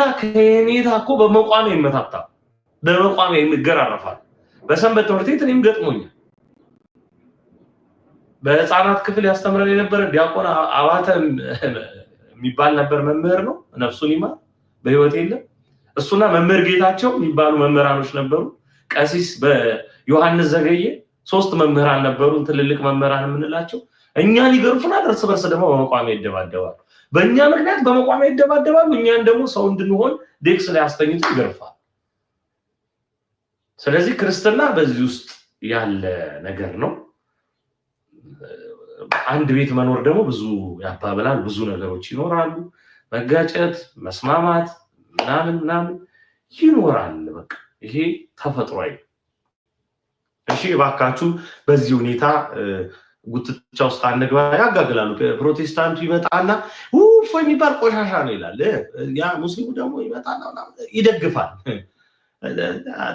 ጌታ ከኔታ እኮ በመቋሚያ ይመታታ፣ በመቋሚያ ይገራረፋል። በሰንበት ትምህርት ቤት እኔም ገጥሞኛል። በህፃናት ክፍል ያስተምረን የነበረ ዲያቆን አባተ የሚባል ነበር። መምህር ነው፣ ነፍሱን ይማር፣ በህይወት የለም። እሱና መምህር ጌታቸው የሚባሉ መምህራኖች ነበሩ። ቀሲስ በዮሐንስ ዘገየ፣ ሶስት መምህራን ነበሩ፣ ትልልቅ መምህራን የምንላቸው። እኛን ይገርፉናል፣ እርስ በርስ ደግሞ በመቋሚያ ይደባደባል። በእኛ ምክንያት በመቋሚያ ይደባደባሉ። እኛን ደግሞ ሰው እንድንሆን ዴክስ ላይ አስተኝቶ ይገርፋል። ስለዚህ ክርስትና በዚህ ውስጥ ያለ ነገር ነው። አንድ ቤት መኖር ደግሞ ብዙ ያባብላል። ብዙ ነገሮች ይኖራሉ። መጋጨት፣ መስማማት ምናምን ምናምን ይኖራል። በቃ ይሄ ተፈጥሯዊ። እሺ እባካችሁ በዚህ ሁኔታ ጉትቻ ውስጥ አንግባ ያጋግላሉ። ፕሮቴስታንቱ ይመጣና ውፎ የሚባል ቆሻሻ ነው ይላል። ያ ሙስሊሙ ደግሞ ይመጣና ይደግፋል።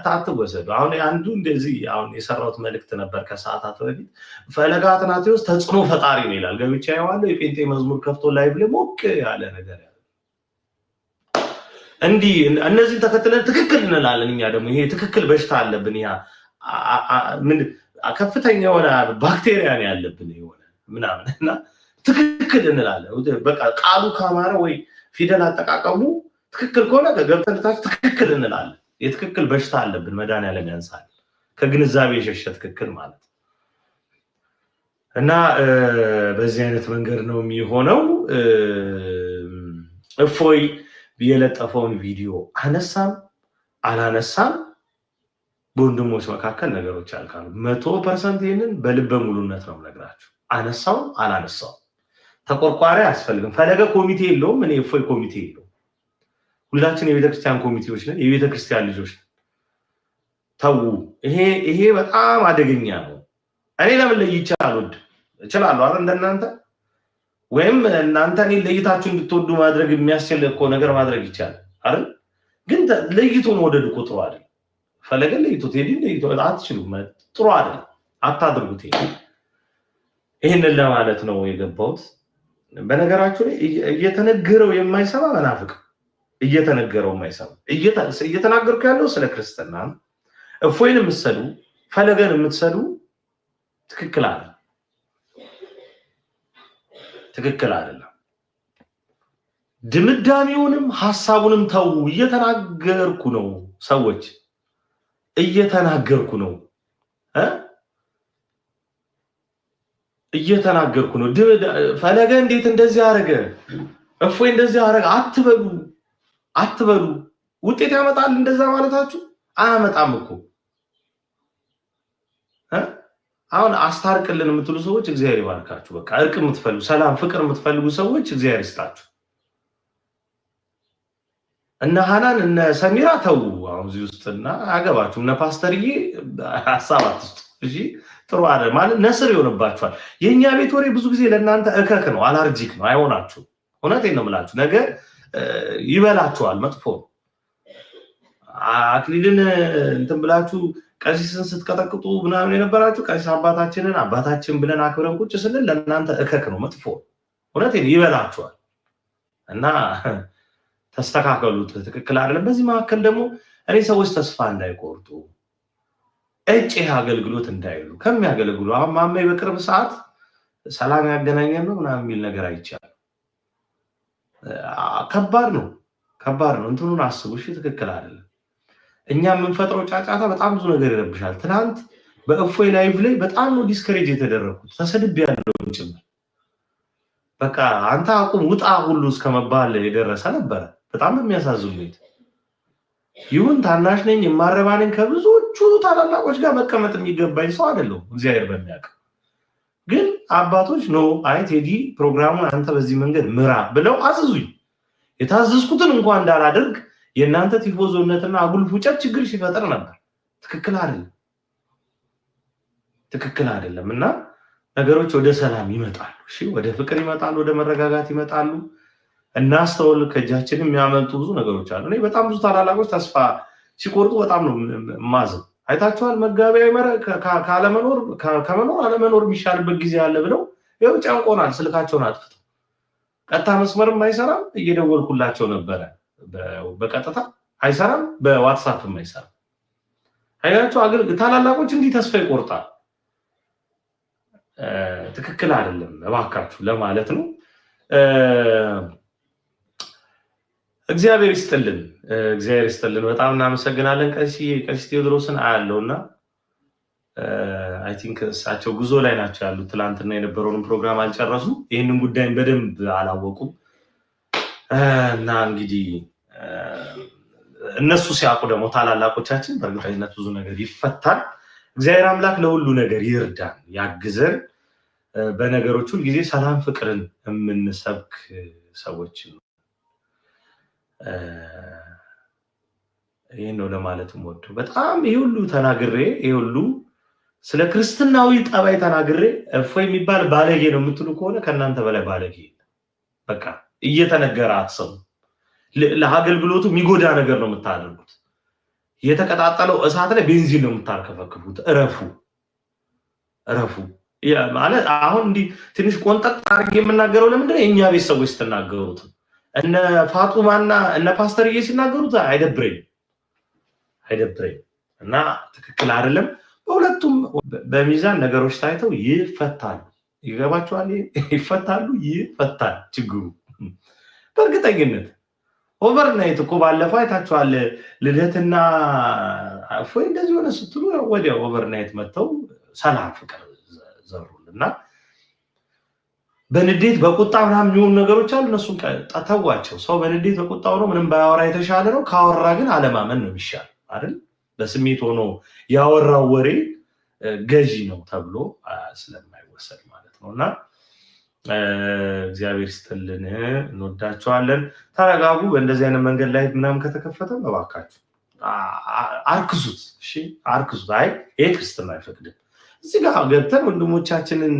ታትወሰዱ አሁን አንዱ እንደዚህ አሁን የሰራሁት መልእክት ነበር ከሰዓታት በፊት ፈለገ አትናቴዎስ ተጽዕኖ ፈጣሪ ነው ይላል። ገብቻ የዋለው የጴንጤ መዝሙር ከፍቶ ላይ ብለ ሞቅ ያለ ነገር ያለ እንዲህ እነዚህን ተከትለን ትክክል እንላለን። እኛ ደግሞ ይሄ ትክክል በሽታ አለብን ያ ከፍተኛ የሆነ ባክቴሪያ ነው ያለብን የሆነ ምናምን እና ትክክል እንላለን። በቃ ቃሉ ካማረ ወይ ፊደል አጠቃቀሙ ትክክል ከሆነ ከገብተን ታች ትክክል እንላለን። የትክክል በሽታ አለብን። መድኃኒዓለም ያንሳል። ከግንዛቤ የሸሸ ትክክል ማለት እና በዚህ አይነት መንገድ ነው የሚሆነው። እፎይ የለጠፈውን ቪዲዮ አነሳም አላነሳም በወንድሞች መካከል ነገሮች ያልካሉ። መቶ ፐርሰንት ይህንን በልበ ሙሉነት ነው ነግራችሁ። አነሳው አላነሳው ተቆርቋሪ አያስፈልግም። ፈለገ ኮሚቴ የለውም፣ እኔ እፎይ ኮሚቴ የለውም። ሁላችን የቤተክርስቲያን ኮሚቴዎች ነን፣ የቤተክርስቲያን ልጆች ነን። ተዉ፣ ይሄ በጣም አደገኛ ነው። እኔ ለምን ለይቼ አልወድም እችላለሁ አይደል? እንደናንተ ወይም እናንተ እኔ ለይታችሁ እንድትወዱ ማድረግ የሚያስችል እኮ ነገር ማድረግ ይቻላል አይደል? ግን ለይቶ መውደድ ቁጥሩ አይደል ፈለገን ለይቶ ቴዲን ለይቶ አትችሉም። ጥሩ አይደለም፣ አታድርጉት። ይህንን ለማለት ነው የገባሁት። በነገራችሁ ላይ እየተነገረው የማይሰማ መናፍቅ፣ እየተነገረው የማይሰማ እየተናገርኩ ያለው ስለ ክርስትና እፎይን የምትሰዱ ፈለገን የምትሰዱ ትክክል አለ ትክክል አይደለም። ድምዳሜውንም ሀሳቡንም ተው እየተናገርኩ ነው ሰዎች እየተናገርኩ ነው እየተናገርኩ ነው። ፈለገ እንዴት እንደዚህ አረገ፣ እፎይ እንደዚህ አረገ አትበሉ አትበሉ። ውጤት ያመጣል እንደዛ ማለታችሁ? አያመጣም እኮ አሁን አስታርቅልን የምትሉ ሰዎች እግዚአብሔር ይባርካችሁ። በቃ እርቅ የምትፈልጉ ሰላም፣ ፍቅር የምትፈልጉ ሰዎች እግዚአብሔር ይስጣችሁ። እነ ሀናን እነ ሰሚራ ተዉ አሁን እዚህ ውስጥ እና አገባችሁ እነ ፓስተርዬ ሀሳባት ውስጥ እሺ ጥሩ አለ ማለት ነስር ይሆንባችኋል። የእኛ ቤት ወሬ ብዙ ጊዜ ለእናንተ እከክ ነው፣ አላርጂክ ነው፣ አይሆናችሁ። እውነት ነው የምላችሁ፣ ነገ ይበላችኋል። መጥፎ አክሊልን እንትን ብላችሁ ቀሲስን ስትቀጠቅጡ ምናምን የነበራችሁ ቀሲስ አባታችንን አባታችን ብለን አክብረን ቁጭ ስንል ለእናንተ እከክ ነው፣ መጥፎ። እውነት ይበላችኋል እና ተስተካከሉት፣ ትክክል አይደለም። በዚህ መካከል ደግሞ እኔ ሰዎች ተስፋ እንዳይቆርጡ እጭ ይህ አገልግሎት እንዳይሉ ከሚያገለግሉ አሁን በቅርብ ሰዓት ሰላም ያገናኘን ነው ምናምን የሚል ነገር አይቻል። ከባድ ነው፣ ከባድ ነው። እንትኑን አስቡ ትክክል አይደለም። እኛ የምንፈጥረው ጫጫታ በጣም ብዙ ነገር ይረብሻል። ትናንት በእፎይ ላይቭ ላይ በጣም ነው ዲስከሬጅ የተደረግኩት ተሰድብ ያለው ጭምር በቃ አንተ አቁም ውጣ ሁሉ እስከመባል የደረሰ ነበረ። በጣም በሚያሳዝን ሁኔታ ይሁን ታናሽ ነኝ የማረባ ነኝ ከብዙዎቹ ታላላቆች ጋር መቀመጥ የሚገባኝ ሰው አይደለሁም። እግዚአብሔር በሚያውቅ ግን አባቶች ኖ አይ ቴዲ ፕሮግራሙን አንተ በዚህ መንገድ ምራ ብለው አዝዙኝ። የታዘዝኩትን እንኳን እንዳላደርግ የእናንተ ቲፎዞነትና አጉል ፉጨት ችግር ሲፈጥር ነበር። ትክክል አይደለም፣ ትክክል አይደለም። እና ነገሮች ወደ ሰላም ይመጣሉ፣ ወደ ፍቅር ይመጣሉ፣ ወደ መረጋጋት ይመጣሉ። እናስተውል። ከእጃችን የሚያመልጡ ብዙ ነገሮች አሉ። እኔ በጣም ብዙ ታላላቆች ተስፋ ሲቆርጡ በጣም ነው ማዝም። አይታችኋል። መጋቢያ ከመኖር አለመኖር የሚሻልበት ጊዜ አለ ብለው ይኸው ጨንቆናል፣ ስልካቸውን አጥፍተው ቀጥታ መስመርም አይሰራም። እየደወልኩላቸው ነበረ፣ በቀጥታ አይሰራም፣ በዋትሳፕም አይሰራም። አይናቸው ታላላቆች እንዲህ ተስፋ ይቆርጣል። ትክክል አይደለም እባካችሁ ለማለት ነው። እግዚአብሔር ይስጥልን፣ እግዚአብሔር ይስጥልን። በጣም እናመሰግናለን። ቀሲ ቴዎድሮስን አያለው እና አይ ቲንክ እሳቸው ጉዞ ላይ ናቸው ያሉት። ትላንትና የነበረውን ፕሮግራም አልጨረሱ፣ ይህንን ጉዳይን በደንብ አላወቁም እና እንግዲህ እነሱ ሲያውቁ ደግሞ ታላላቆቻችን በእርግጠኝነት ብዙ ነገር ይፈታል። እግዚአብሔር አምላክ ለሁሉ ነገር ይርዳን፣ ያግዘን። በነገሮች ሁል ጊዜ ሰላም፣ ፍቅርን የምንሰብክ ሰዎች ይህን ነው ለማለት ወዱ በጣም ይህ ሁሉ ተናግሬ ይህ ሁሉ ስለ ክርስትናዊ ጠባይ ተናግሬ እፎ የሚባል ባለጌ ነው የምትሉ ከሆነ ከእናንተ በላይ ባለጌ በቃ እየተነገረ አትሰሙ። ለአገልግሎቱ የሚጎዳ ነገር ነው የምታደርጉት። የተቀጣጠለው እሳት ላይ ቤንዚን ነው የምታርከፈክፉት። እረፉ እረፉ። ማለት አሁን እንዲህ ትንሽ ቆንጠጥ አድርጌ የምናገረው ለምንድን ነው የእኛ ቤት ሰዎች ስትናገሩት እነ ፋጡማና እነ ፓስተርዬ ሲናገሩት አይደብረኝ አይደብረኝ እና ትክክል አይደለም። በሁለቱም በሚዛን ነገሮች ታይተው ይፈታሉ። ይገባቸዋል። ይፈታሉ፣ ይፈታል ችግሩ በእርግጠኝነት ኦቨር ናይት እኮ ባለፈው አይታችኋል። ልደትና እፎይ እንደዚህ ሆነ ስትሉ ወዲያው ኦቨር ናይት መጥተው ሰላም ፍቅር ዘሩልና በንዴት በቁጣ ምናምን የሚሆኑ ነገሮች አሉ። እነሱ ተዋቸው። ሰው በንዴት በቁጣ ሆኖ ምንም ባያወራ የተሻለ ነው። ካወራ ግን አለማመን ነው የሚሻል አይደል? በስሜት ሆኖ ያወራው ወሬ ገዢ ነው ተብሎ ስለማይወሰድ ማለት ነው። እና እግዚአብሔር ስትልን እንወዳቸዋለን። ተረጋጉ። በእንደዚህ አይነት መንገድ ላይ ምናምን ከተከፈተ እባካችሁ አርክሱት፣ አርክሱት። አይ ይህ ክርስትና አይፈቅድም እዚህ ጋር ገብተን ወንድሞቻችንን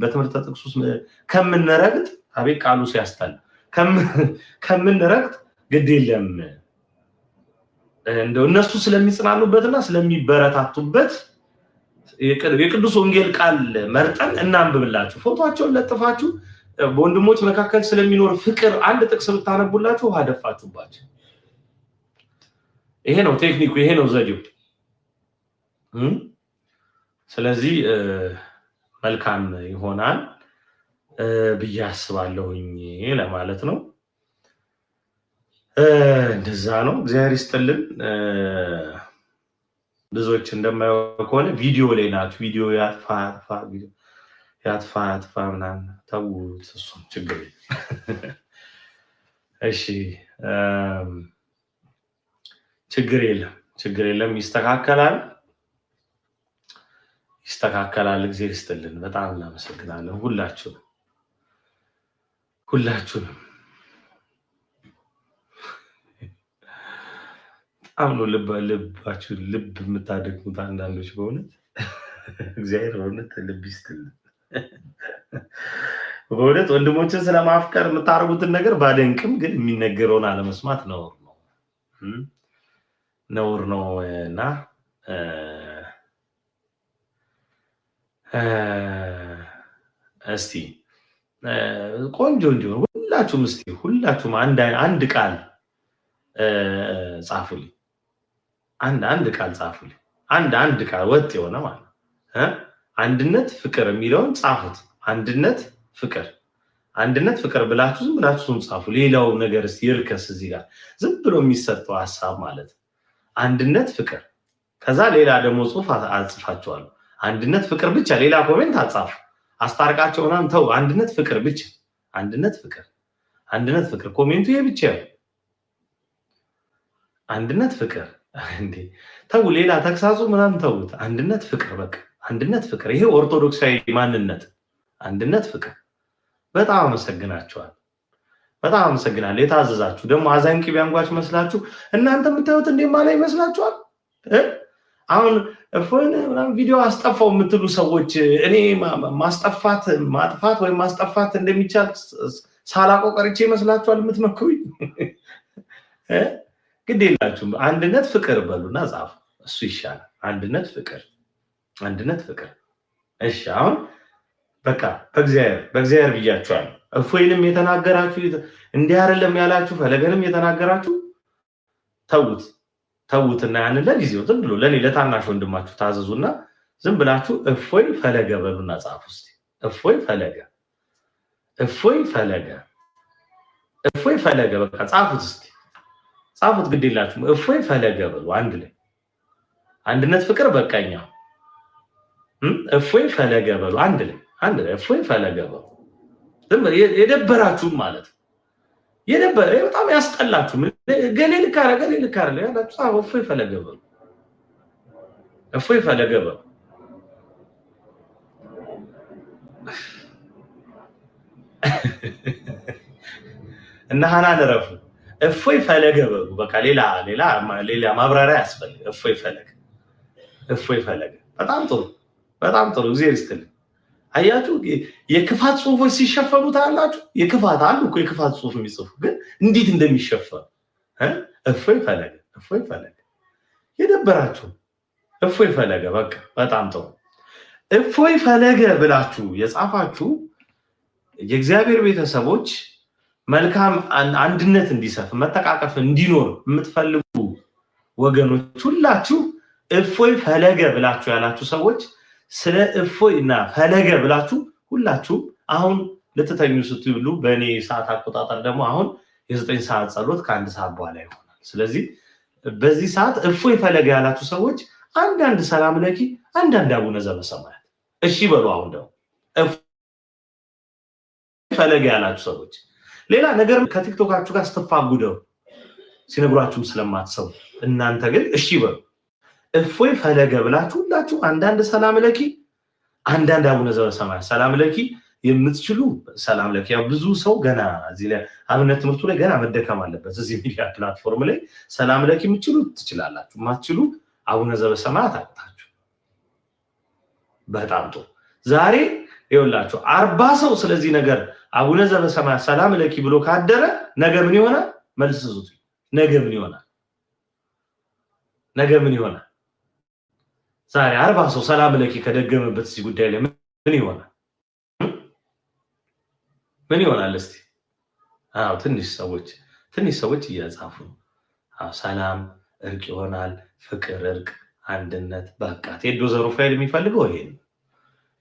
በትምህርተ ጥቅሱ ከምንረግጥ አቤት ቃሉ ሲያስተል ከምንረግጥ ግድ የለም እንደው እነሱ ስለሚጽናኑበትና ስለሚበረታቱበት የቅዱስ ወንጌል ቃል መርጠን እናንብብላችሁ። ፎቶቸውን ለጥፋችሁ በወንድሞች መካከል ስለሚኖር ፍቅር አንድ ጥቅስ ብታነቡላችሁ ውሃ ደፋችሁባቸው። ይሄ ነው ቴክኒኩ፣ ይሄ ነው ዘዴው። ስለዚህ መልካም ይሆናል ብዬ አስባለሁኝ ለማለት ነው። እንደዛ ነው። እግዚአብሔር ይስጥልን። ብዙዎች እንደማየው ከሆነ ቪዲዮ ላይ ናት። ቪዲዮ ያጥፋ ያጥፋ ያጥፋ ምናምን ተውት፣ እሱም ችግር እሺ፣ ችግር የለም፣ ችግር የለም፣ ይስተካከላል። ይስተካከላል። እግዜር ይስጥልን። በጣም እናመሰግናለን ሁላችሁም ሁላችሁንም በጣም ነው ልባችሁ ልብ የምታደግሙት አንዳንዶች በእውነት እግዚአብሔር በእውነት ልብ ይስጥልን። በእውነት ወንድሞችን ስለማፍቀር የምታደርጉትን ነገር ባደንቅም ግን የሚነገረውን አለመስማት ነውር ነው ነውር ነው እና እስቲ ቆንጆ እንዲሆን ሁላችሁም እስቲ ሁላችሁም አንድ ቃል ጻፉልኝ። አንድ አንድ ቃል ጻፉልኝ። አንድ አንድ ቃል ወጥ የሆነ ማለት ነው። አንድነት ፍቅር የሚለውን ጻፉት። አንድነት ፍቅር አንድነት ፍቅር ብላችሁ ዝም ብላችሁም ጻፉ። ሌላው ነገር እስቲ ይርከስ እዚህ ጋር ዝም ብሎ የሚሰጠው ሀሳብ ማለት አንድነት ፍቅር። ከዛ ሌላ ደግሞ ጽሁፍ አጽፋችኋለሁ። አንድነት ፍቅር ብቻ። ሌላ ኮሜንት አጻፉ። አስታርቃቸው ምናምን ተው። አንድነት ፍቅር ብቻ። አንድነት ፍቅር፣ አንድነት ፍቅር። ኮሜንቱ ይሄ ብቻ። አንድነት ፍቅር እንዴ! ተው። ሌላ ተግሳጹ ምናምን ተውት። አንድነት ፍቅር፣ በቃ አንድነት ፍቅር። ይሄ ኦርቶዶክሳዊ ማንነት፣ አንድነት ፍቅር። በጣም አመሰግናቸዋል። በጣም አመሰግናለሁ። የታዘዛችሁ ደግሞ አዛንቂ ቢያንጓች መስላችሁ እናንተ የምታዩት እንዴ ላይ ይመስላችኋል። አሁን እፎይን ምናምን ቪዲዮ አስጠፋው የምትሉ ሰዎች እኔ ማስጠፋት ማጥፋት ወይም ማስጠፋት እንደሚቻል ሳላቆ ቀርቼ ይመስላችኋል የምትመክሩኝ? ግድ የላችሁም። አንድነት ፍቅር በሉና ጻፉ። እሱ ይሻላል። አንድነት ፍቅር፣ አንድነት ፍቅር። እሺ አሁን በቃ በእግዚአብሔር በእግዚአብሔር ብያችኋል። እፎይንም የተናገራችሁ እንዲህ አይደለም ያላችሁ ፈለገንም የተናገራችሁ ተዉት። ተዉትና ያንን ለጊዜው ዝም ብሎ ለእኔ ለታናሽ ወንድማችሁ ታዘዙና ዝም ብላችሁ እፎይ ፈለገ በሉና ጻፍ ውስጥ እፎይ ፈለገ እፎይ ፈለገ እፎይ ፈለገ በቃ ጻፉት እስቲ ጻፉት፣ ግድ የላችሁም። እፎይ ፈለገ በሉ አንድ ላይ አንድነት ፍቅር በቀኛ እፎይ ፈለገ በሉ አንድ ላይ አንድ ላይ እፎይ ፈለገ በሉ የደበራችሁም ማለት ነው የነበረ በጣም ያስጠላችሁ ገሌ ልካረ ገሌ ልካረ ያላችሁ እፎይ ፈለገበ እፎይ ፈለገበ እና ሀናን እረፉ። እፎይ ፈለገበ በቃ ሌላ ሌላ ሌላ ማብራሪያ ያስፈልግ። እፎይ ፈለገ፣ እፎይ ፈለገ። በጣም ጥሩ፣ በጣም ጥሩ። እግዚአብሔር ይስጥልኝ። አያችሁ፣ የክፋት ጽሁፎች ሲሸፈኑ ታያላችሁ። የክፋት አሉ እኮ የክፋት ጽሁፍ የሚጽፉ ግን እንዴት እንደሚሸፈኑ እፎይ ፈለገ፣ እፎይ ፈለገ። የደበራችሁ እፎይ ፈለገ፣ በቃ በጣም ጥሩ እፎይ ፈለገ ብላችሁ የጻፋችሁ የእግዚአብሔር ቤተሰቦች መልካም አንድነት እንዲሰፍ መተቃቀፍ እንዲኖር የምትፈልጉ ወገኖች ሁላችሁ እፎይ ፈለገ ብላችሁ ያላችሁ ሰዎች ስለ እፎይ እና ፈለገ ብላችሁ ሁላችሁም አሁን ልትተኙ ስትብሉ በእኔ ሰዓት አቆጣጠር ደግሞ አሁን የዘጠኝ ሰዓት ጸሎት ከአንድ ሰዓት በኋላ ይሆናል። ስለዚህ በዚህ ሰዓት እፎይ ፈለገ ያላችሁ ሰዎች አንዳንድ ሰላም ለኪ አንዳንድ አቡነ ዘበሰማያት እሺ በሉ። አሁን ደግሞ ፈለገ ያላችሁ ሰዎች ሌላ ነገር ከቲክቶካችሁ ጋር ስትፋጉደው ሲነግሯችሁም ስለማትሰው እናንተ ግን እሺ በሉ። እፎይ ፈለገ ብላችሁ ሁላችሁ አንዳንድ ሰላም ለኪ አንዳንድ አቡነ ዘበሰማያት ሰላም ለኪ የምትችሉ ሰላም ለኪ። ያው ብዙ ሰው ገና እዚህ ላይ አብነት ትምህርቱ ላይ ገና መደከም አለበት። እዚህ ሚዲያ ፕላትፎርም ላይ ሰላም ለኪ የምትችሉ ትችላላችሁ፣ ማትችሉ አቡነ ዘበሰማያት አቅታችሁ። በጣም ጥሩ። ዛሬ ይኸውላችሁ አርባ ሰው ስለዚህ ነገር አቡነ ዘበሰማያት ሰላም ለኪ ብሎ ካደረ ነገ ምን ይሆናል? መልስ ዙት። ነገ ምን ይሆናል? ነገ ምን ይሆናል? ዛሬ አርባ ሰው ሰላም ለኪ ከደገመበት እዚህ ጉዳይ ላይ ምን ይሆናል? ምን ይሆናል? እስቲ አዎ፣ ትንሽ ሰዎች ትንሽ ሰዎች እያጻፉ ነው። አዎ፣ ሰላም እርቅ ይሆናል። ፍቅር፣ እርቅ፣ አንድነት በቃ ቴዶ ዘሩፋይል የሚፈልገው ይሄን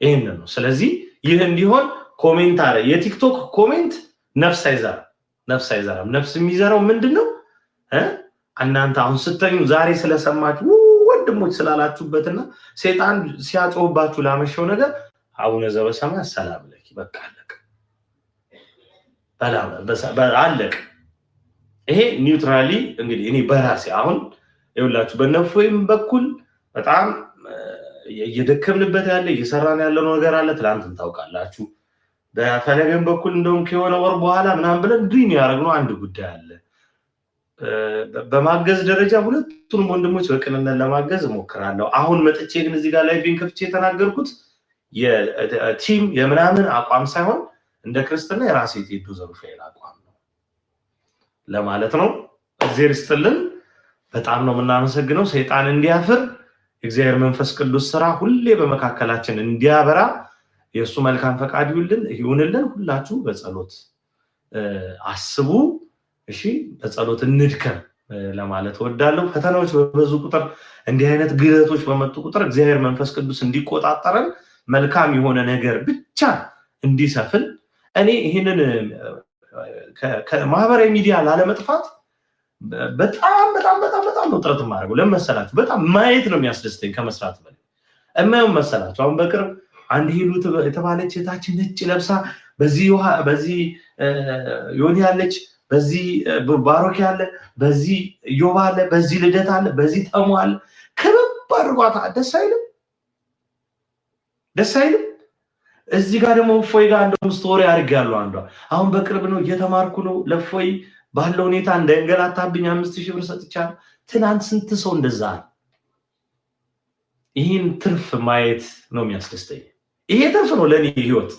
ይሄን ነው። ስለዚህ ይህ እንዲሆን ኮሜንት አለ። የቲክቶክ ኮሜንት ነፍስ አይዘራም፣ ነፍስ አይዘራም። ነፍስ የሚዘራው ምንድን ነው? እናንተ አሁን ስተኙ ዛሬ ስለሰማችሁ ወንድሞች ስላላችሁበትና ሴጣን ሲያጽሁባችሁ ላመሸው ነገር አቡነ ዘበሰማያት ሰላም ለኪ፣ በቃ አለቅ አለቀ። ይሄ ኒውትራሊ እንግዲህ እኔ በራሴ አሁን በነፍ ወይም በኩል በጣም እየደከምንበት ያለ እየሰራን ያለው ነገር አለ። ትላንትን ታውቃላችሁ። በፈለገን በኩል እንደውም ከሆነ ወር በኋላ ምናምን ብለን ድሪም ያደረግነው አንድ ጉዳይ አለ። በማገዝ ደረጃ ሁለቱንም ወንድሞች በቅንነት ለማገዝ እሞክራለሁ። አሁን መጥቼ ግን እዚህ ጋር ላይቪን ከፍቼ የተናገርኩት የቲም የምናምን አቋም ሳይሆን እንደ ክርስትና የራሴ ቴዱ ዘሩፋኤል አቋም ነው ለማለት ነው። እግዜር ይስጥልን። በጣም ነው የምናመሰግነው። ሰይጣን እንዲያፍር እግዚአብሔር መንፈስ ቅዱስ ስራ ሁሌ በመካከላችን እንዲያበራ የእሱ መልካም ፈቃድ ይሁንልን። ሁላችሁ በጸሎት አስቡ። እሺ በጸሎት እንድከም ለማለት እወዳለሁ። ፈተናዎች በበዙ ቁጥር እንዲህ አይነት ግለቶች በመጡ ቁጥር እግዚአብሔር መንፈስ ቅዱስ እንዲቆጣጠረን መልካም የሆነ ነገር ብቻ እንዲሰፍን እኔ ይህንን ከማህበራዊ ሚዲያ ላለመጥፋት በጣም በጣም በጣም በጣም ነው ጥረት የማደርገው። ለምን መሰላችሁ? በጣም ማየት ነው የሚያስደስተኝ ከመስራት በላይ እማየውን መሰላችሁ። አሁን በቅርብ አንድ ሄሉ የተባለች እህታችን ነጭ ለብሳ በዚህ በዚህ ዮኒ ያለች በዚህ ባሮኪ አለ፣ በዚህ ዮባ አለ፣ በዚህ ልደት አለ፣ በዚህ ጠሙ አለ። ከበብ አድርጓታ ደስ አይልም? ደስ አይልም? እዚህ ጋር ደግሞ እፎይ ጋር እንደውም ስቶሪ አድርጌያለሁ። አንዷ አሁን በቅርብ ነው እየተማርኩ ነው፣ ለእፎይ ባለው ሁኔታ እንዳይንገላታብኝ አምስት ሺህ ብር ሰጥቻለሁ። ትናንት ስንት ሰው እንደዛ ይህን ትርፍ ማየት ነው የሚያስደስተኝ። ይሄ ትርፍ ነው ለእኔ ህይወት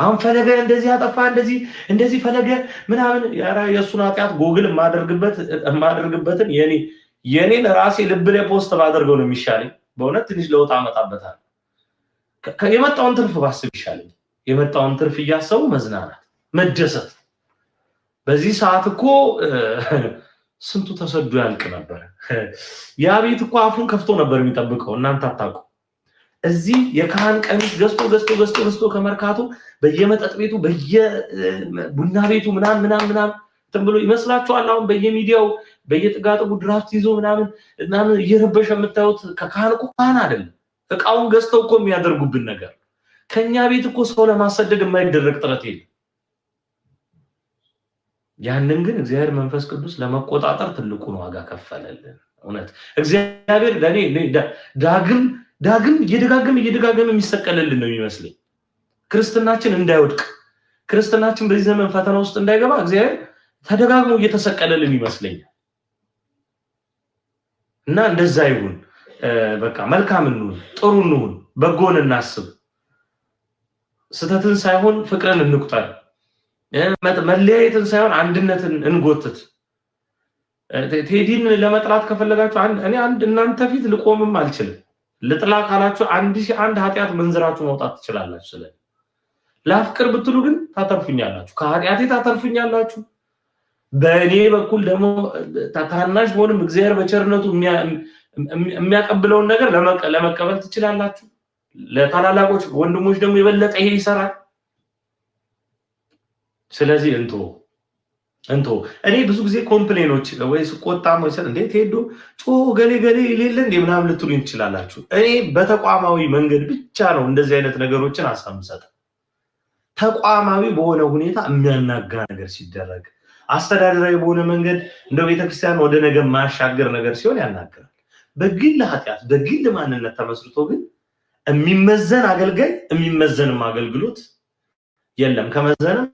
አሁን ፈለገ እንደዚህ አጠፋ እንደዚህ እንደዚህ ፈለገ ምናምን የእሱን ኃጢአት ጎግል የማደርግበትን የኔን ራሴ ልብ ላይ ፖስት ባደርገው ነው የሚሻለኝ። በእውነት ትንሽ ለውጥ አመጣበታል። የመጣውን ትርፍ ባስብ ይሻለኝ። የመጣውን ትርፍ እያሰቡ መዝናናት፣ መደሰት። በዚህ ሰዓት እኮ ስንቱ ተሰዶ ያልቅ ነበር። ያ ቤት እኮ አፉን ከፍቶ ነበር የሚጠብቀው። እናንተ አታውቁ እዚህ የካህን ቀሚስ ገዝቶ ገዝቶ ገዝቶ ገዝቶ ከመርካቶ በየመጠጥ ቤቱ በየቡና ቤቱ ምናም ምናም ምናም እንትን ብሎ ይመስላችኋል። አሁን በየሚዲያው በየጥጋጥቡ ድራፍት ይዞ ምናምን ምናምን እየረበሸ የምታዩት ከካህን እኮ ካህን አይደለም። እቃውን ገዝተው እኮ የሚያደርጉብን ነገር ከኛ ቤት እኮ ሰው ለማሰደድ የማይደረግ ጥረት የለም። ያንን ግን እግዚአብሔር መንፈስ ቅዱስ ለመቆጣጠር ትልቁን ዋጋ ከፈለልን። እውነት እግዚአብሔር ለእኔ ዳግም ዳግም እየደጋገመ እየደጋገመ የሚሰቀልልን ነው የሚመስለኝ። ክርስትናችን እንዳይወድቅ ክርስትናችን በዚህ ዘመን ፈተና ውስጥ እንዳይገባ እግዚአብሔር ተደጋግሞ እየተሰቀለልን ይመስለኛል። እና እንደዛ ይሁን። በቃ መልካም እንሁን፣ ጥሩ እንሁን፣ በጎን እናስብ፣ ስህተትን ሳይሆን ፍቅርን እንቁጠር፣ መለያየትን ሳይሆን አንድነትን እንጎትት። ቴዲን ለመጥራት ከፈለጋችሁ እኔ አንድ እናንተ ፊት ልቆምም አልችልም። ልጥላ ካላችሁ አንድ ሺህ አንድ ኃጢአት መንዝራችሁ መውጣት ትችላላችሁ። ስለ ላፍቅር ብትሉ ግን ታተርፉኛላችሁ፣ ከኃጢአቴ ታተርፉኛላችሁ። በእኔ በኩል ደግሞ ታናሽ በሆንም እግዚአብሔር በቸርነቱ የሚያቀብለውን ነገር ለመቀበል ትችላላችሁ። ለታላላቆች ወንድሞች ደግሞ የበለጠ ይሄ ይሰራል። ስለዚህ እንትኑ እንቶ እኔ ብዙ ጊዜ ኮምፕሌኖች ወይ ስቆጣ መሰል እንዴት ሄዶ ጮ ገሌ ገሌ ሌለ እንዴ ምናምን ልትሉኝ ይችላላችሁ። እኔ በተቋማዊ መንገድ ብቻ ነው እንደዚህ አይነት ነገሮችን አሳምሰጥ ተቋማዊ በሆነ ሁኔታ የሚያናጋ ነገር ሲደረግ አስተዳደራዊ በሆነ መንገድ እንደ ቤተክርስቲያን ወደ ነገ ማሻገር ነገር ሲሆን ያናግራል። በግል ኃጢአት በግል ማንነት ተመስርቶ ግን የሚመዘን አገልጋይ የሚመዘንም አገልግሎት የለም። ከመዘንም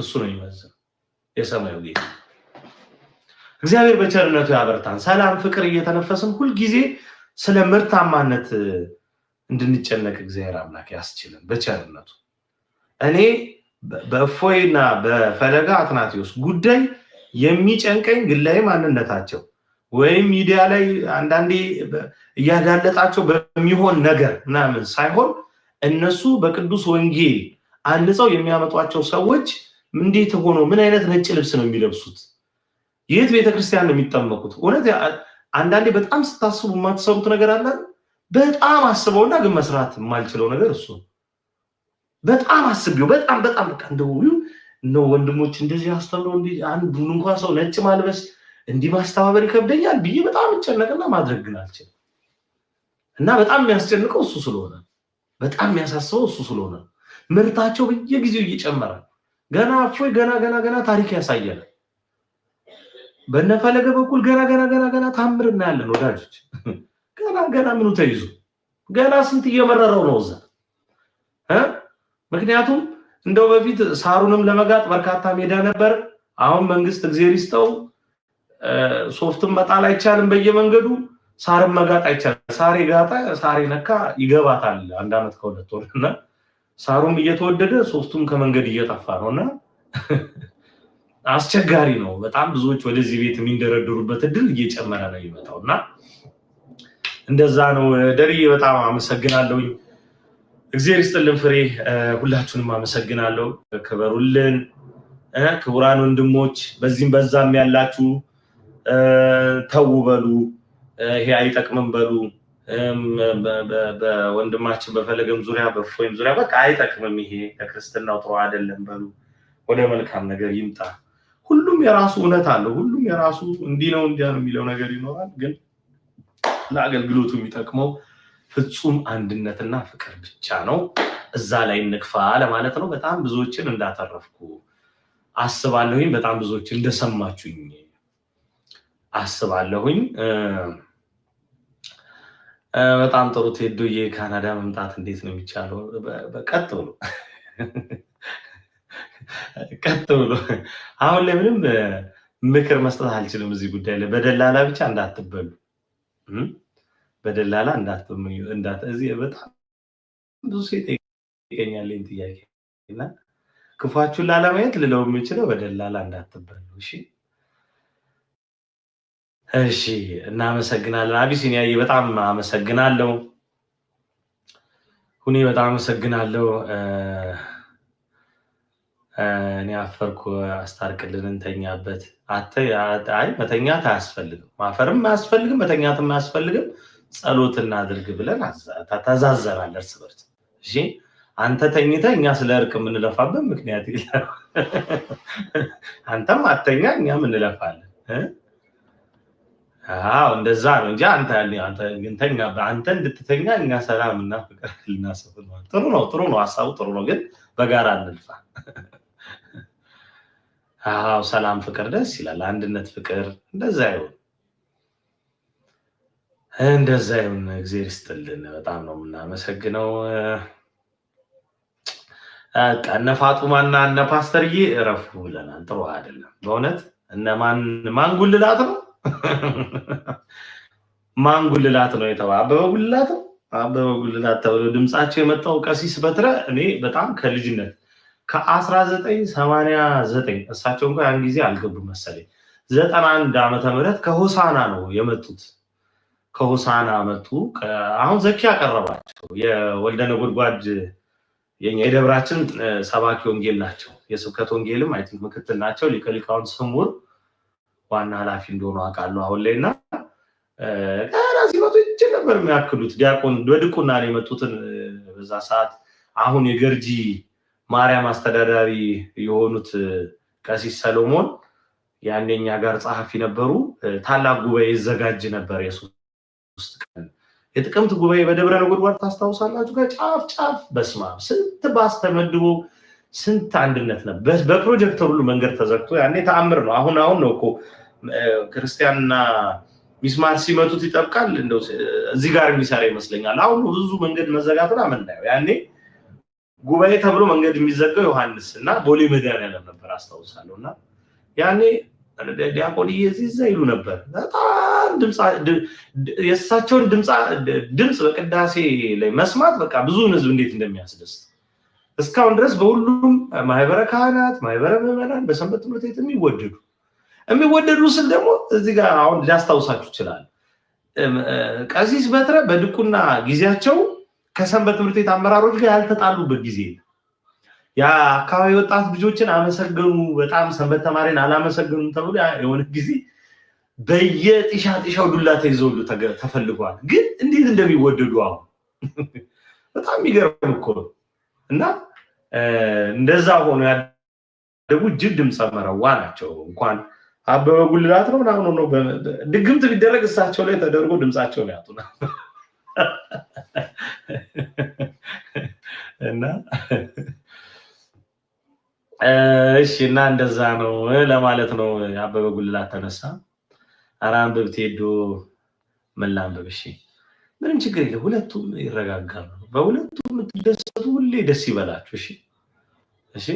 እሱ ነው የሚመዘን የሰማዩ ጌታ እግዚአብሔር በቸርነቱ ያበርታን። ሰላም፣ ፍቅር እየተነፈስን ሁልጊዜ ስለ ምርታማነት እንድንጨነቅ እግዚአብሔር አምላክ ያስችልን በቸርነቱ። እኔ በእፎይና በፈለጋ አትናቴዎስ ጉዳይ የሚጨንቀኝ ግላዊ ማንነታቸው ወይም ሚዲያ ላይ አንዳንዴ እያጋለጣቸው በሚሆን ነገር ምናምን ሳይሆን እነሱ በቅዱስ ወንጌል አንጸው የሚያመጧቸው ሰዎች እንዴት ሆኖ ምን አይነት ነጭ ልብስ ነው የሚለብሱት? የት ቤተክርስቲያን ነው የሚጠመቁት? እውነት አንዳንዴ በጣም ስታስቡ የማትሰሩት ነገር አለ። በጣም አስበውና ግን መስራት የማልችለው ነገር እሱ በጣም አስቤው በጣም በጣም በቃ እንደው ነው ወንድሞች እንደዚህ አስተምረው እንዲ አንዱን እንኳ ሰው ነጭ ማልበስ እንዲህ ማስተባበር ይከብደኛል ብዬ በጣም እጨነቅና ማድረግ ግን አልችልም። እና በጣም የሚያስጨንቀው እሱ ስለሆነ በጣም የሚያሳስበው እሱ ስለሆነ ምርታቸው በየጊዜው እየጨመራል። ገና እፎይ ገና ገና ገና ታሪክ ያሳያል። በነፈለገ በኩል ገና ገና ገና ገና ታምር እናያለን ወዳጆች። ገና ገና ምኑ ተይዞ ገና ስንት እየመረረው ነው እዛ። ምክንያቱም እንደው በፊት ሳሩንም ለመጋጥ በርካታ ሜዳ ነበር። አሁን መንግስት እግዜር ይስጠው ሶፍትም መጣል አይቻልም በየመንገዱ ሳርም መጋጥ አይቻልም። ሳሬ ጋጣ ሳሬ ነካ ይገባታል። አንድ አመት ከሁለት ወር ሳሩም እየተወደደ ሶስቱም ከመንገድ እየጠፋ ነው እና አስቸጋሪ ነው። በጣም ብዙዎች ወደዚህ ቤት የሚንደረድሩበት እድል እየጨመረ ነው ይመጣው እና እንደዛ ነው። ደርዬ በጣም አመሰግናለሁኝ። እግዚአብሔር ይስጥልን ፍሬ፣ ሁላችሁንም አመሰግናለሁ። ክበሩልን ክቡራን ወንድሞች፣ በዚህም በዛም ያላችሁ ተው በሉ፣ ይሄ አይጠቅምም በሉ በወንድማችን በፈለገም ዙሪያ በፎይም ዙሪያ በቃ አይጠቅምም፣ ይሄ ለክርስትናው ጥሩ አይደለም በሉ፣ ወደ መልካም ነገር ይምጣ። ሁሉም የራሱ እውነት አለው። ሁሉም የራሱ እንዲህ ነው እንዲያ ነው የሚለው ነገር ይኖራል። ግን ለአገልግሎቱ የሚጠቅመው ፍጹም አንድነትና ፍቅር ብቻ ነው። እዛ ላይ እንግፋ ለማለት ነው። በጣም ብዙዎችን እንዳተረፍኩ አስባለሁኝ። በጣም ብዙዎችን እንደሰማችሁኝ አስባለሁኝ። በጣም ጥሩ ቴዶዬ፣ ካናዳ መምጣት እንዴት ነው የሚቻለው? ቀጥ ብሎ ቀጥ ብሎ አሁን ላይ ምንም ምክር መስጠት አልችልም እዚህ ጉዳይ ላይ። በደላላ ብቻ እንዳትበሉ፣ በደላላ እንዳትበሉ። በጣም ብዙ ሴት ጥያቄ እና ክፏችሁን ላለማየት ልለው የምችለው በደላላ እንዳትበሉ እሺ። እሺ እናመሰግናለን። አቢሲኒያ በጣም አመሰግናለሁ። ሁኔ በጣም አመሰግናለሁ። እኔ አፈርኩ። አስታርቅልን፣ እንተኛበት። አይ መተኛት አያስፈልግም፣ ማፈርም አያስፈልግም፣ መተኛትም አያስፈልግም። ጸሎት እናድርግ ብለን ተዛዘናል እርስ በርስ። እሺ አንተ ተኝተ እኛ ስለ እርቅ የምንለፋበት ምክንያት የለም። አንተም አተኛ እኛም እንለፋለን። አዎ እንደዛ ነው እንጂ አንተ አንተ በአንተ እንድትተኛ እኛ ሰላም እና ፍቅር ልናስብ ነው። ጥሩ ነው፣ ጥሩ ነው፣ ሀሳቡ ጥሩ ነው። ግን በጋራ እንልፋ። አዎ ሰላም ፍቅር ደስ ይላል። አንድነት ፍቅር እንደዛ ይሁን፣ እንደዛ ይሁን። እግዜር ይስጥልን። በጣም ነው የምናመሰግነው። ቀነፋጡ ማና እነ ፓስተርዬ እረፉ ብለናል። ጥሩ አይደለም በእውነት እነ ማን ማንጉልላት ነው ማን ጉልላት ነው የተባለው? አበበ ጉልላት ነው። አበበ ጉልላት ተብሎ ድምፃቸው የመጣው ቀሲስ በትረ እኔ በጣም ከልጅነት ከ1989 እሳቸው እንኳ ያን ጊዜ አልገቡም መሰለኝ 91 ዓመተ ምህረት ከሆሳና ነው የመጡት። ከሆሳና መጡ። አሁን ዘኪ ያቀረባቸው የወልደ ነጎድጓድ የደብራችን ሰባኪ ወንጌል ናቸው። የስብከት ወንጌልም አይ ቲንክ ምክትል ናቸው። ሊቀ ሊቃውንት ስሙር ዋና ኃላፊ እንደሆኑ አውቃለሁ አሁን ላይ እና ከራ ሲመጡ ይችል ነበር የሚያክሉት ዲያቆን በድቁና የመጡትን በዛ ሰዓት አሁን የገርጂ ማርያም አስተዳዳሪ የሆኑት ቀሲስ ሰሎሞን የአንደኛ ጋር ጸሐፊ ነበሩ። ታላቅ ጉባኤ ይዘጋጅ ነበር የሶስት ቀን የጥቅምት ጉባኤ በደብረ ነጎድጓድ ታስታውሳላችሁ። ጋር ጫፍ በስማም ስንት ባስተመድቦ ስንት አንድነት ነው። በፕሮጀክት ሁሉ መንገድ ተዘግቶ ያኔ ተአምር ነው። አሁን አሁን ነው እኮ ክርስቲያንና ሚስማር ሲመቱት ይጠብቃል። እንደው እዚህ ጋር የሚሰራ ይመስለኛል። አሁን ብዙ መንገድ መዘጋቱን አመናየው። ያኔ ጉባኤ ተብሎ መንገድ የሚዘጋው ዮሐንስ እና ቦሌ መድኃኔዓለም ነበር አስታውሳለሁ። እና ያኔ እዚህ እዚያ ይሉ ነበር። በጣም የእሳቸውን ድምፅ በቅዳሴ ላይ መስማት በቃ ብዙውን ህዝብ እንዴት እንደሚያስደስት እስካሁን ድረስ በሁሉም ማህበረ ካህናት፣ ማህበረ ምዕመናን፣ በሰንበት ትምህርት ቤት የሚወደዱ የሚወደዱ ስል ደግሞ እዚህ ጋር አሁን ሊያስታውሳችሁ ይችላል። ቀሲስ በትረ በድቁና ጊዜያቸው ከሰንበት ትምህርት ቤት አመራሮች ጋር ያልተጣሉበት ጊዜ አካባቢ ወጣት ልጆችን አመሰገኑ፣ በጣም ሰንበት ተማሪን አላመሰገኑም ተብሎ የሆነ ጊዜ በየጢሻ ጢሻው ዱላ ተይዘውሉ ተፈልጓል። ግን እንዴት እንደሚወደዱ አሁን በጣም የሚገርም እኮ እና እንደዛ ሆኖ ያደጉ እጅግ ድምፀ መረዋ ናቸው። እንኳን አበበ ጉልላት ነው ምናምን ሆኖ ድግምት ቢደረግ እሳቸው ላይ ተደርጎ ድምፃቸው ነው ያጡ ነበር እና እሺ እና እንደዛ ነው ለማለት ነው። አበበ ጉልላት ተነሳ። ኧረ አንብብ ቴዶ ምን ላንብብ? እሺ ምንም ችግር የለም። ሁለቱም ይረጋጋሉ። በሁለቱም ትደስ ሁሌ ደስ ይበላችሁ። እሺ፣ እሺ፣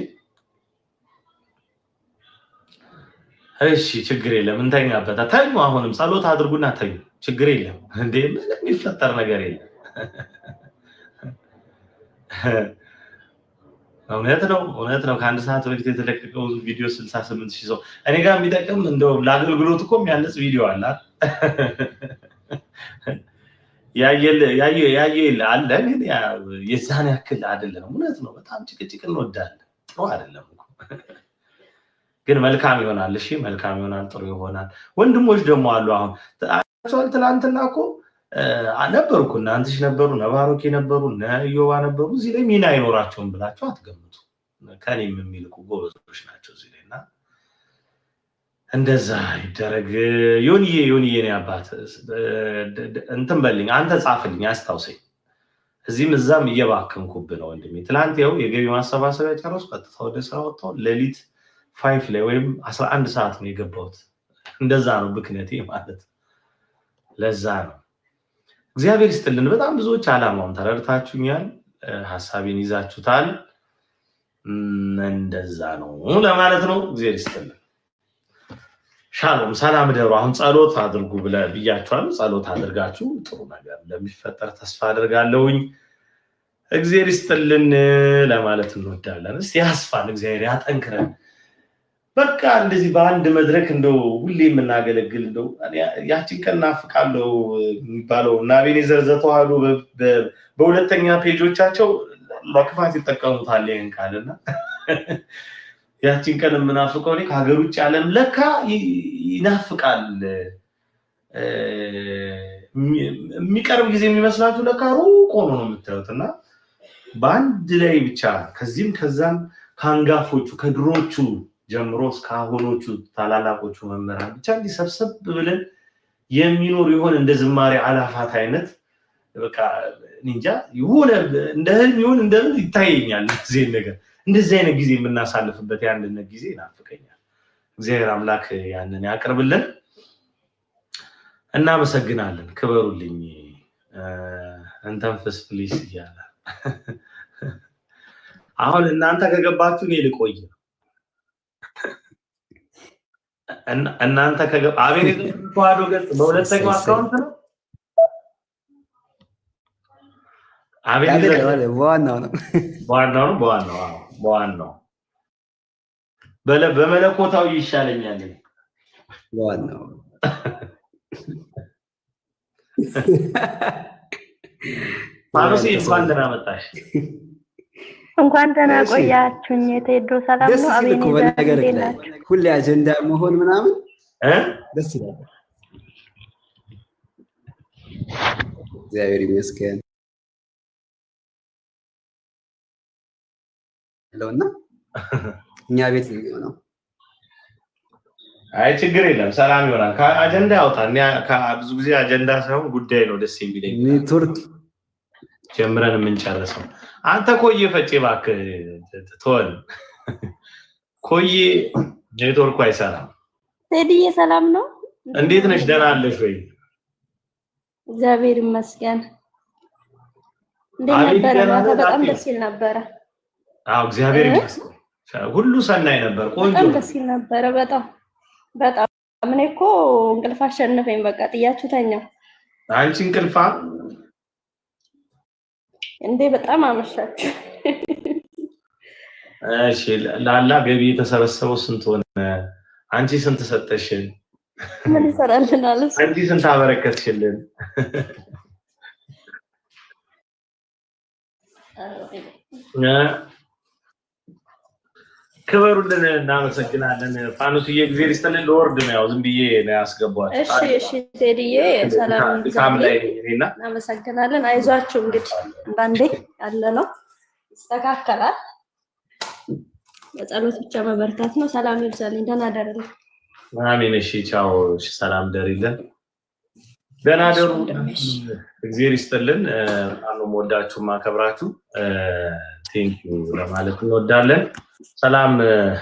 እሺ። ችግር የለም እንተኛበት። ተኙ። አሁንም ጸሎት አድርጉና ተኙ። ችግር የለም እንደ ምንም የሚፈጠር ነገር የለም። እውነት ነው፣ እውነት ነው። ከአንድ ሰዓት በፊት የተለቀቀው ቪዲዮ ስልሳ ስምንት ሺህ ሰው እኔ ጋር የሚጠቅም እንደው ለአገልግሎት እኮ የሚያነጽ ቪዲዮ አላት። ያየ አለ ግን የዛን ያክል አይደለም። እውነት ነው። በጣም ጭቅጭቅ እንወዳለን። ጥሩ አይደለም ግን መልካም ይሆናል። እሺ መልካም ይሆናል፣ ጥሩ ይሆናል። ወንድሞች ደግሞ አሉ። አሁን ትላንትና እኮ ነበርኩ እነ ነበሩ፣ እነ ነበሩ፣ እነ ነበሩ። እዚህ ላይ ሚና አይኖራቸውም ብላቸው አትገምቱ። ከኔም የሚልቁ ጎበዞች ናቸው እዚህ ላይ እንደዛ ይደረግ። ዮንዬ ዮንዬ ነው አባት እንትን በልኝ፣ አንተ ጻፍልኝ፣ አስታውሰኝ። እዚህም እዛም እየባከምኩብ ነው ወንድሜ። ትላንት ያው የገቢ ማሰባሰቢያ ጨረስኩ፣ ቀጥታ ወደ ስራ ወጥተው ሌሊት ፋይፍ ላይ ወይም አስራ አንድ ሰዓት ነው የገባሁት። እንደዛ ነው ብክነቴ ማለት ለዛ ነው። እግዚአብሔር ይስጥልን። በጣም ብዙዎች አላማውን ተረድታችሁኛል፣ ሀሳቤን ይዛችሁታል። እንደዛ ነው ለማለት ነው። እግዚአብሔር ይስጥልን። ሻሎም ሰላም ደሩ አሁን ጸሎት አድርጉ ብለ ብያችኋል። ጸሎት አድርጋችሁ ጥሩ ነገር እንደሚፈጠር ተስፋ አድርጋለሁኝ። እግዚአብሔር ይስጥልን ለማለት እንወዳለን። እስቲ ያስፋን እግዚአብሔር ያጠንክረን። በቃ እንደዚህ በአንድ መድረክ እንደው ሁሌ የምናገለግል እንደው ያችን ቀን የሚባለው እና አቤኔዘር ዘተዋሕዶ በሁለተኛ ፔጆቻቸው ለክፋት ይጠቀሙታል ይህን ቃልና ያቺን ቀን የምናፍቀው እኔ ከሀገር ውጭ ዓለም ለካ ይናፍቃል። የሚቀርብ ጊዜ የሚመስላችሁ ለካ ሩቅ ሆኖ ነው የምታዩት። እና በአንድ ላይ ብቻ ከዚህም ከዛም ከአንጋፎቹ ከድሮቹ ጀምሮ እስከ አሁኖቹ ታላላቆቹ መምህራን ብቻ እንዲሰብሰብ ብለን የሚኖር ይሆን እንደ ዝማሬ አላፋት አይነት በቃ እንጃ ይሁን እንደ ህልም ይሁን እንደ ምን ይታየኛል። ጊዜ ነገር እንደዚህ አይነት ጊዜ የምናሳልፍበት የአንድነት ጊዜ ናፍቀኛል። እግዚአብሔር አምላክ ያንን ያቅርብልን። እናመሰግናለን። ክበሩልኝ። እንተንፍስ ፕሊስ እያለ አሁን እናንተ ከገባችሁ እኔ ልቆይ እናንተ ከገባ አቤት ተዋህዶ ገጽ በሁለተኛው አካውንት ነው ఆమె కావాలి బాగున్నాను బాగున్నాను బాగున్నావు బాగున్నావు በለ በመለኮታዊ ይሻለኛል ዋናው ፋኖሴ እንኳን ደህና መጣሽ እንኳን ደህና ቆያችሁኝ ቴዶ ሰላም ነው አቤኔዘር ሁሌ አጀንዳ መሆን ምናምን ደስ ይላል እግዚአብሔር ይመስገን ያለውና እኛ ቤት ነው። አይ ችግር የለም፣ ሰላም ይሆናል። አጀንዳ ያውጣ። ብዙ ጊዜ አጀንዳ ሳይሆን ጉዳይ ነው ደስ የሚለኝ። ኔትወርክ ጀምረን የምንጨርሰው አንተ ኮዬ ፈጭ እባክህ ትሆን ኮዬ ኔትወርኩ አይሰራም። ቴዲዬ ሰላም ነው፣ እንዴት ነሽ? ደህና አለሽ ወይ? እግዚአብሔር ይመስገን። እንዴት ነበረ? በጣም ደስ ይል ነበረ። አዎ እግዚአብሔር ይመስገን ሁሉ ሰናይ ነበር። ቆንጆ በጣም ደስ ይል ነበረ። በጣም በጣም እኔ እኮ እንቅልፍ አሸነፈኝ። በቃ ጥያችሁ ተኛው። አንቺ እንቅልፋ እንዴ! በጣም አመሻችሁ። እሺ ላላ ገቢ የተሰበሰበው ስንት ሆነ? አንቺ ስንት ሰጠሽን? ምን ይሰራልናል? አንቺ ስንት አበረከትሽልን? ክበሩልን፣ እናመሰግናለን። ፋኖስዬ ጊዜ ሊስጥልን ለወርድ ነው። ያው ዝም ብዬ ነው ያስገቧት። እሺ፣ እሺ ቴዲዬ፣ ሰላም ላይ እናመሰግናለን። አይዟችሁ እንግዲህ አንዳንዴ ያለ ነው ይስተካከላል። በጸሎት ብቻ መበርታት ነው። ሰላም ይብዛልኝ። ደህና ደርል አሜን። እሺ፣ ቻው። እሺ፣ ሰላም ደሪልን። ደህና ደሩ። እግዚአብሔር ይስጥልን። ፋኖ ወዳችሁ ማከብራችሁ ቴንኪው ለማለት እንወዳለን። ሰላም